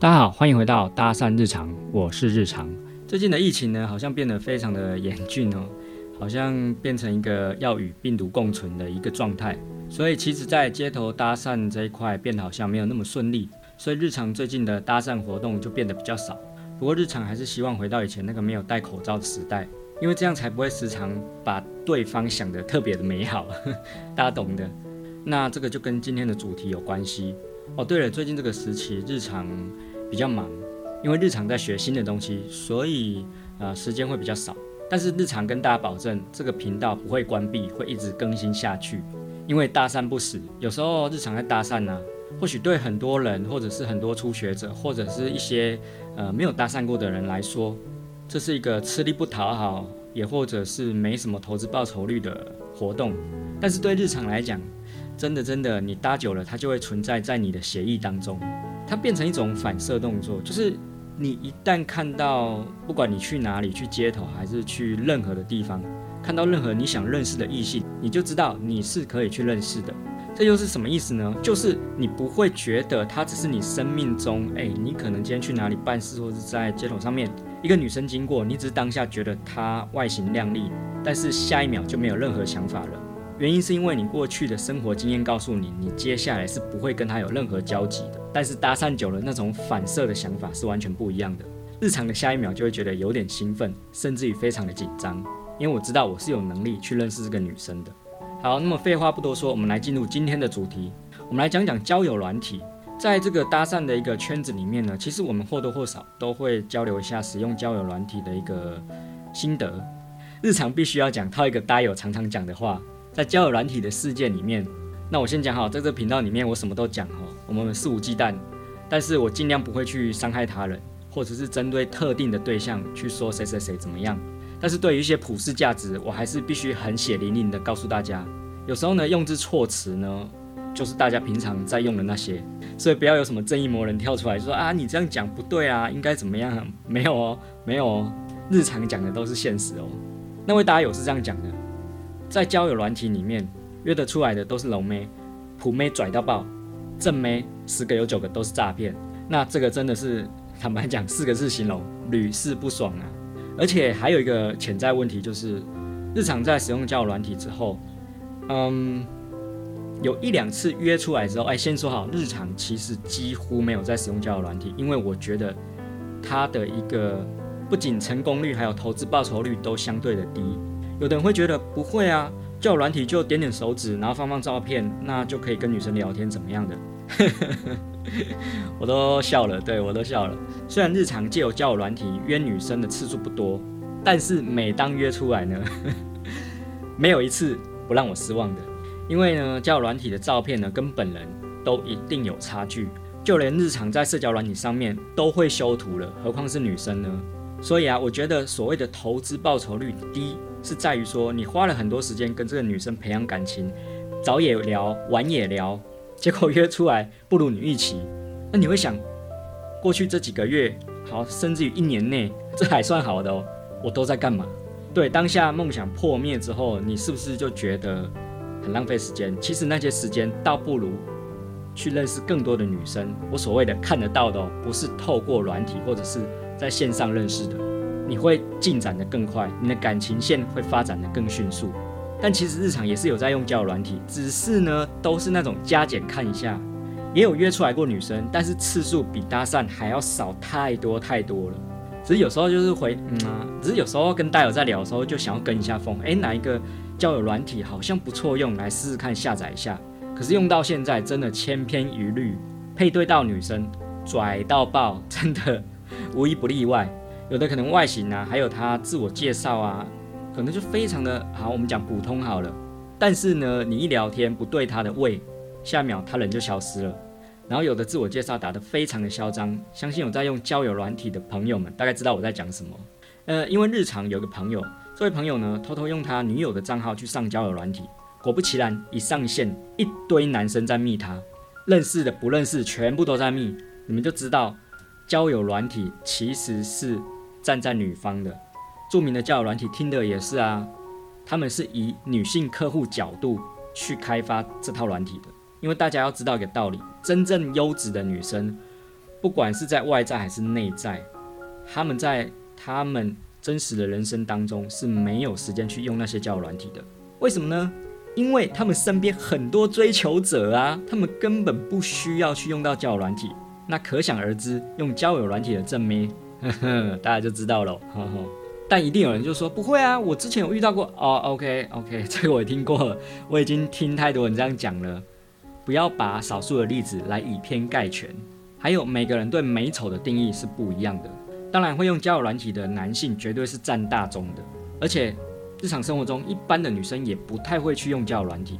大家好，歡迎回到搭訕日常，我是日常。最近的疫情呢，好像變得非常的嚴峻哦，好像變成一個要與病毒共存的一個狀態，所以其實，在街頭搭訕這一塊，變得好像沒有那麼順利，所以日常最近的搭訕活動就變得比較少。不過日常還是希望回到以前那個沒有戴口罩的時代，因為這樣才不會時常把對方想得特別的美好，呵呵，大家懂的。那這個就跟今天的主題有關係。哦，oh, 對了，最近這個時期日常比較忙，因為日常在學新的東西，所以呃時間會比較少。但是日常跟大家保證，這個頻道不會關閉，會一直更新下去。因為搭訕不死，有時候日常在搭訕呢，或許對很多人，或者是很多初學者，或者是一些呃沒有搭訕過的人來說，這是一個吃力不討好，也或者是沒什麼投資報酬率的活動。但是對日常來講，真的，真的，你搭久了，它就會存在在你的血液當中，它變成一種反射動作，就是你一旦看到，不管你去哪裡，去街頭還是去任何的地方，看到任何你想認識的異性，你就知道你是可以去認識的。這又是什麼意思呢？就是你不會覺得它只是你生命中，哎、欸，你可能今天去哪裡辦事，或者在街頭上面一個女生經過，你只是當下覺得她外形靚麗，但是下一秒就沒有任何想法了。原因是因為你過去的生活經驗告訴你，你接下來是不會跟他有任何交集的。但是搭訕久了，那種反射的想法是完全不一樣的。日常的下一秒就會覺得有點興奮，甚至於非常的緊張，因為我知道我是有能力去認識這個女生的。好，那麼廢話不多說，我們來進入今天的主題，我們來講講交友軟體。在這個搭訕的一個圈子裡面呢，其實我們或多或少都會交流一下使用交友軟體的一個心得。日常必須要講，套一個搭友常常講的話。在交友軟體的世界裡面，那我先講好，在這頻道裡面我什麼都講哈，我們肆無忌憚，但是我盡量不會去傷害他人，或者是針對特定的對象去說誰誰誰怎麼樣。但是對於一些普世價值，我還是必須很血淋淋的告訴大家。有時候呢，用字措辭呢，就是大家平常在用的那些，所以不要有什麼正義魔人跳出來說啊，你這樣講不對啊，應該怎麼樣？沒有哦，沒有哦，日常講的都是現實哦。那位搭友是這樣講的。在交友軟體裡面約得出來的都是龍妹、普妹，拽到爆，正妹十個有九個都是詐騙。那這個真的是坦白講，四個字形容：屢試不爽啊！而且還有一個潛在問題，就是日常在使用交友軟體之後，嗯，有一兩次約出來之後，哎，先說好，日常其實幾乎沒有在使用交友軟體，因為我覺得它的一個不僅成功率，還有投資報酬率都相對的低。有的人會覺得不會啊，交友軟體就點點手指，然後放放照片，那就可以跟女生聊天怎麼樣的？ 我都笑了，對我都笑了。雖然日常借由交友軟體約女生的次數不多，但是每當約出來呢， 沒有一次不讓我失望的。因為呢，交友軟體的照片呢，跟本人都一定有差距，就連日常在社交軟體上面都會修圖了，何況是女生呢？所以啊，我覺得所謂的投資報酬率低，是在於說你花了很多時間跟這個女生培養感情，早也聊，晚也聊，結果約出來不如你預期，那你會想，過去這幾個月，好，甚至於一年內，這還算好的哦，我都在幹嘛？對，當下夢想破滅之後，你是不是就覺得很浪費時間？其實那些時間倒不如去認識更多的女生。我所謂的看得到的哦，不是透過軟體或者是。在線上認識的，你會進展得更快，你的感情線會發展得更迅速。但其實日常也是有在用交友軟體，只是呢都是那種加減看一下，也有約出來過女生，但是次數比搭訕還要少太多太多了。只是有時候就是回，嗯、啊，只是有時候跟搭友在聊的時候就想要跟一下風，哎、欸，哪一個交友軟體好像不錯，用來試試看下載一下。可是用到現在真的千篇一律，配對到女生拽到爆，真的。無一不例外，有的可能外形啊，還有他自我介紹啊，可能就非常的好。我們講普通好了，但是呢，你一聊天不對他的胃，下一秒他人就消失了。然後有的自我介紹打得非常的囂張，相信有在用交友軟體的朋友們，大概知道我在講什麼。呃，因為日常有個朋友，這位朋友呢，偷偷用他女友的賬號去上交友軟體，果不其然，一上線一堆男生在密他，認識的不認識全部都在密，你們就知道。交友軟體其實是站在女方的，著名的交友軟體聽的也是啊，他們是以女性客戶角度去開發這套軟體的。因為大家要知道一個道理，真正優質的女生，不管是在外在還是內在，他們在他們真實的人生當中是沒有時間去用那些交友軟體的。為什麼呢？因為他們身邊很多追求者啊，他們根本不需要去用到交友軟體。那可想而知，用交友軟體的正妹呵呵，大家就知道了。但一定有人就說，不會啊，我之前有遇到過哦。OK OK，這個我也聽過了，我已經聽太多人這樣講了。不要把少數的例子來以偏概全。還有，每個人對美醜的定義是不一樣的。當然會用交友軟體的男性絕對是占大宗的，而且日常生活中一般的女生也不太會去用交友軟體。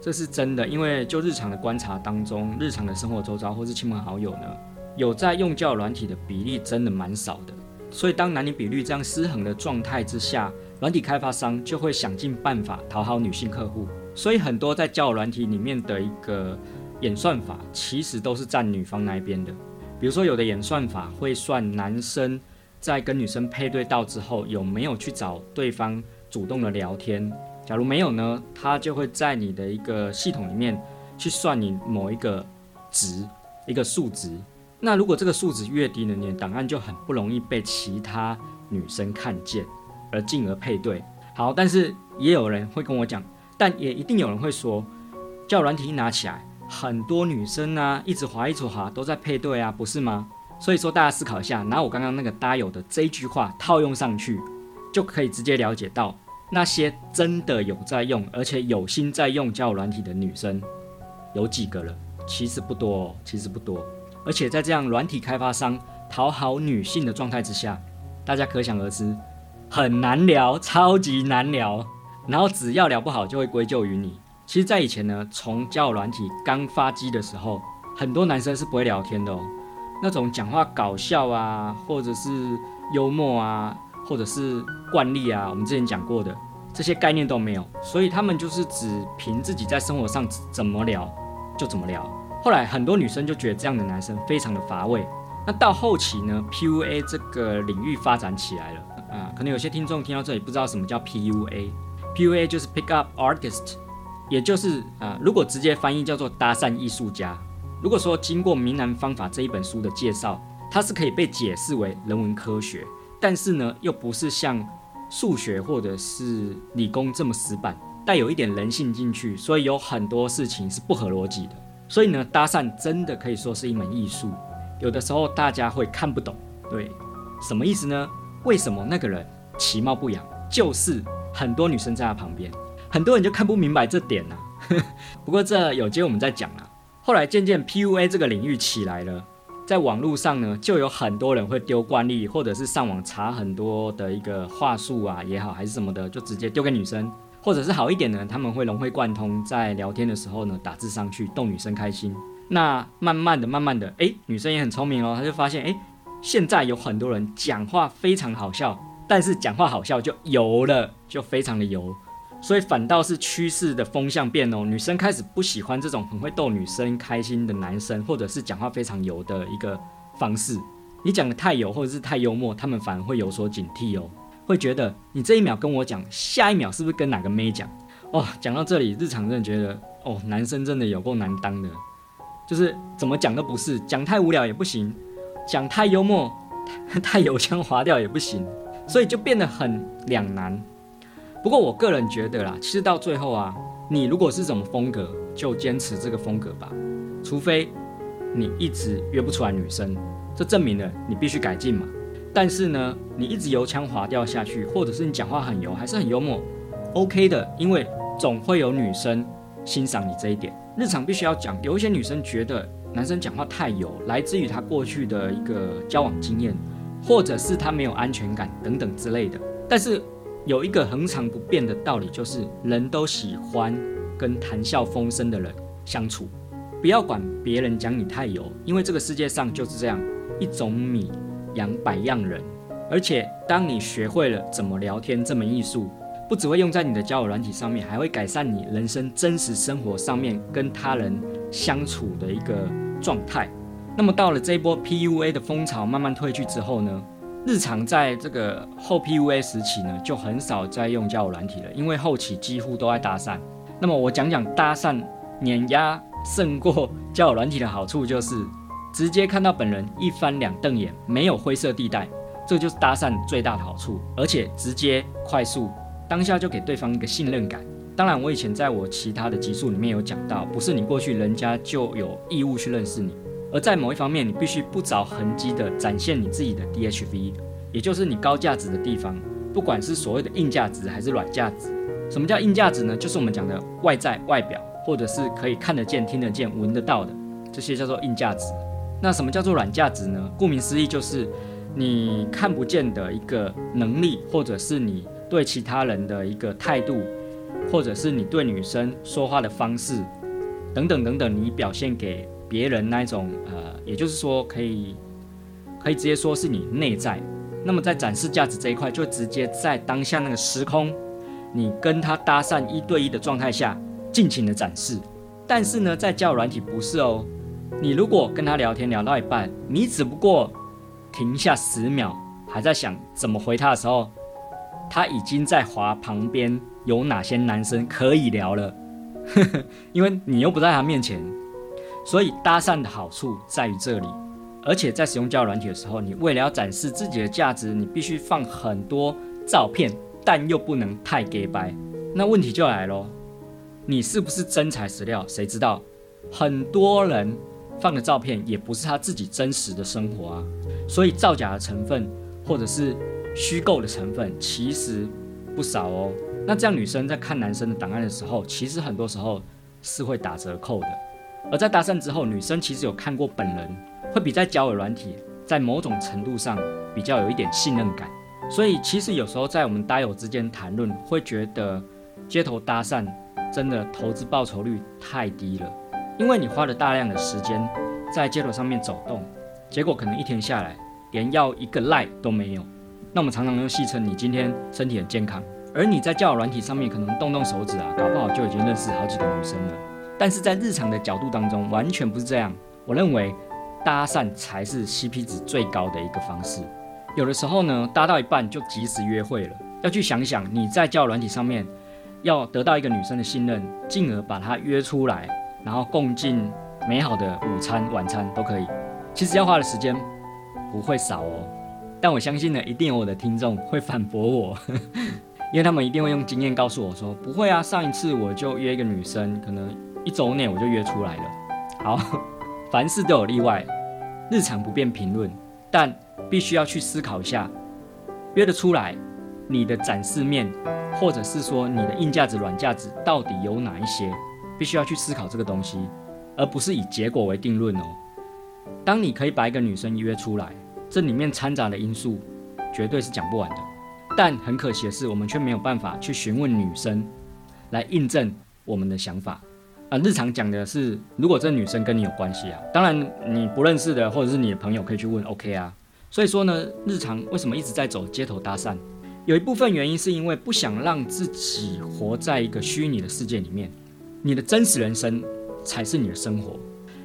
這是真的，因為就日常的觀察當中，日常的生活周遭或是親朋好友呢，有在用交友軟體的比例真的蠻少的。所以當男女比率這樣失衡的狀態之下，軟體開發商就會想盡辦法討好女性客戶。所以很多在交友軟體裡面的一個演算法，其實都是站女方那一邊的。比如說有的演算法會算男生在跟女生配對到之後，有沒有去找對方主動的聊天。假如沒有呢？它就會在你的一個系統裡面去算你某一個值，一個數值。那如果這個數值越低呢，你的檔案就很不容易被其他女生看見，而進而配對。好，但是也有人會跟我講，但也一定有人會說，交友軟體一拿起來，很多女生啊，一直滑一直滑都在配對啊，不是嗎？所以說大家思考一下，拿我剛剛那個搭友的這句話套用上去，就可以直接了解到。那些真的有在用，而且有心在用交友軟體的女生，有幾個了？其實不多哦，其實不多。而且在這樣軟體開發商討好女性的狀態之下，大家可想而知，很難聊，超級難聊。然後只要聊不好，就會歸咎於你。其實，在以前呢，從交友軟體剛發機的時候，很多男生是不會聊天的哦，那種講話搞笑啊，或者是幽默啊。或者是慣例啊，我們之前講過的這些概念都沒有，所以他們就是只憑自己在生活上怎麼聊就怎麼聊。後來很多女生就覺得這樣的男生非常的乏味。那到後期呢，PUA 這個領域發展起來了啊，可能有些聽眾聽到這裡不知道什麼叫 PUA，PUA 就是 Pick Up Artist，也就是啊，如果直接翻譯叫做搭訕藝術家。如果說經過《明男方法》這一本書的介紹，它是可以被解釋為人文科學。但是呢，又不是像數學或者是理工這麼死板，帶有一點人性進去，所以有很多事情是不合邏輯的。所以呢，搭訕真的可以說是一門藝術。有的時候大家會看不懂，對，什麼意思呢？為什麼那個人其貌不揚，就是很多女生在他旁邊，很多人就看不明白這點呢？ 不過這有機會我們再講啦。後來漸漸，PUA 這個領域起來了。在網絡上呢，就有很多人會丟慣例，或者是上網查很多的一個話術啊，也好還是什麼的，就直接丟給女生，或者是好一點呢，他們會融會貫通，在聊天的時候呢，打字上去逗女生開心。那慢慢的、慢慢的，哎、欸，女生也很聰明哦，她就發現，哎、欸，現在有很多人講話非常好笑，但是講話好笑就油了，就非常的油。所以反倒是趨勢的風向變哦，女生開始不喜歡這種很會逗女生開心的男生，或者是講話非常油的一個方式。你講得太油或者是太幽默，他們反而會有所警惕哦，會覺得你這一秒跟我講，下一秒是不是跟哪個妹講？哦，講到這裡，日常真的覺得哦，男生真的有夠難當的，就是怎麼講都不是，講太無聊也不行，講太幽默，太，太油腔滑調也不行，所以就變得很兩難。不過我個人覺得啦，其實到最後啊，你如果是什麼風格，就堅持這個風格吧。除非，你一直約不出來女生，這證明了你必須改進嘛。但是呢，你一直油腔滑調下去，或者是你講話很油還是很幽默，OK 的，因為總會有女生欣賞你這一點。日常必須要講，有一些女生覺得男生講話太油，來自於他過去的一個交往經驗，或者是他沒有安全感等等之類的。但是。有一個恆常不變的道理，就是人都喜歡跟談笑風生的人相處。不要管別人講你太油，因為這個世界上就是這樣一種米養百樣人。而且，當你學會了怎麼聊天這門藝術，不只會用在你的交友軟體上面，還會改善你人生真實生活上面跟他人相處的一個狀態。那麼，到了這波 PUA 的風潮慢慢退去之後呢，日常在這個後 PUA 時期呢，就很少再用交友軟體了，因為後期幾乎都在搭訕。那麼我講講搭訕碾壓勝過交友軟體的好處，就是直接看到本人，一翻兩瞪眼，沒有灰色地帶，這就是搭訕最大的好處。而且直接快速當下就給對方一個信任感。當然，我以前在我其他的集數裡面有講到，不是你過去人家就有義務去認識你。而在某一方面，你必須不着痕跡地展現你自己的 DHV，也就是你高價值的地方，不管是所謂的硬價值還是軟價值。什麼叫硬價值呢？就是我們講的外在、外表，或者是可以看得見、聽得見、聞得到的這些叫做硬價值。那什麼叫做軟價值呢？顧名思義，就是你看不見的一個能力，或者是你對其他人的一個態度，或者是你對女生說話的方式，等等等等，你表現給。別人那種，呃，也就是說，可以可以直接說是你內在。那麼在展示價值這一塊，就直接在當下那個時空，你跟他搭訕一對一的狀態下，盡情的展示。但是呢，在交友軟體不是哦，你如果跟他聊天聊到一半，你只不過停下十秒，還在想怎麼回他的時候，他已經在劃旁邊有哪些男生可以聊了，呵呵，因為你又不在他面前。所以搭訕的好處在於這裡，而且在使用交友軟體的時候，你為了要展示自己的價值，你必須放很多照片，但又不能太假掰。那問題就來了，你是不是真材實料？誰知道？很多人放的照片也不是他自己真實的生活啊，所以造假的成分或者是虛構的成分其實不少哦。那這樣女生在看男生的檔案的時候，其實很多時候是會打折扣的。而在搭訕之後，女生其實有看過本人，會比在交友軟體在某種程度上比較有一點信任感。所以其實有時候在我們搭友之間談論，會覺得街頭搭訕真的投資報酬率太低了，因為你花了大量的時間在街頭上面走動，結果可能一天下來連要一個賴都沒有。那我們常常又戲稱你今天身體很健康，而你在交友軟體上面可能動動手指啊，搞不好就已經認識好幾個女生了。但是在日常的角度當中，完全不是這樣。我認為搭訕才是 CP 值最高的一個方式。有的時候呢，搭到一半就及時約會了。要去想想你在交友軟體上面要得到一個女生的信任，進而把她約出來，然後共進美好的午餐、晚餐都可以。其實要花的時間不會少哦。但我相信呢，一定有我的聽眾會反駁我， 因為他們一定會用經驗告訴我說：“不會啊，上一次我就約一個女生，可能。”一週內我就約出來了。好，凡事都有例外，日常不便評論，但必須要去思考一下，約得出來，你的展示面，或者是說你的硬價值、軟價值到底有哪一些，必須要去思考這個東西，而不是以結果為定論哦。當你可以把一個女生約出來，這裡面摻雜的因素絕對是講不完的，但很可惜的是，我們卻沒有辦法去詢問女生來印證我們的想法。啊，日常講的是，如果這女生跟你有關係啊，當然你不認識的，或者是你的朋友可以去問，OK 啊。所以說呢，日常為什麼一直在走街頭搭訕？有一部分原因是因為不想讓自己活在一個虛擬的世界裡面，你的真實人生才是你的生活，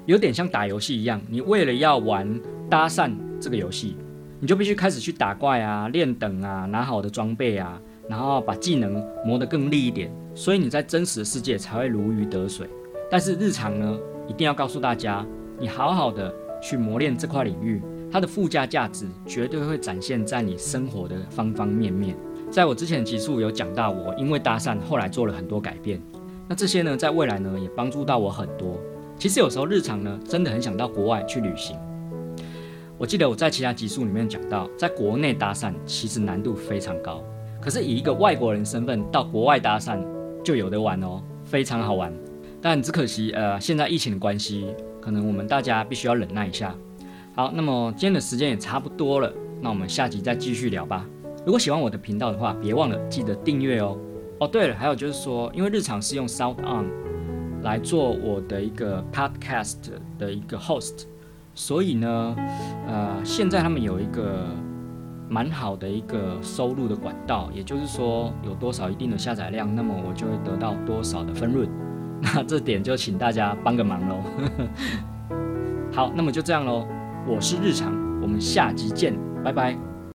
有點像打遊戲一樣，你為了要玩搭訕這個遊戲，你就必須開始去打怪啊，練等啊，拿好的裝備啊，然後把技能磨得更利一點。所以你在真實的世界才會如魚得水，但是日常呢，一定要告訴大家，你好好的去磨練這塊領域，它的附加價值絕對會展現在你生活的方方面面。在我之前集數有講到我，我因為搭訕後來做了很多改變，那這些呢，在未來呢也幫助到我很多。其實有時候日常呢，真的很想到國外去旅行。我記得我在其他集數裡面講到，在國內搭訕其實難度非常高，可是以一個外國人身份到國外搭訕。就有的玩哦，非常好玩，但只可惜，呃，現在疫情的關係，可能我們大家必須要忍耐一下。好，那麼今天的時間也差不多了，那我們下集再繼續聊吧。如果喜歡我的頻道的話，別忘了記得訂閱哦。哦，對了，還有就是說，因為日常是用 Sound On 來做我的一個 Podcast 的一個 host，所以呢，呃，現在他們有一個。蠻好的一個收入的管道，也就是說，有多少一定的下載量，那麼我就會得到多少的分潤。那這點就請大家幫個忙嘍。 好，那麼就這樣嘍。我是日常，我們下集見，拜拜。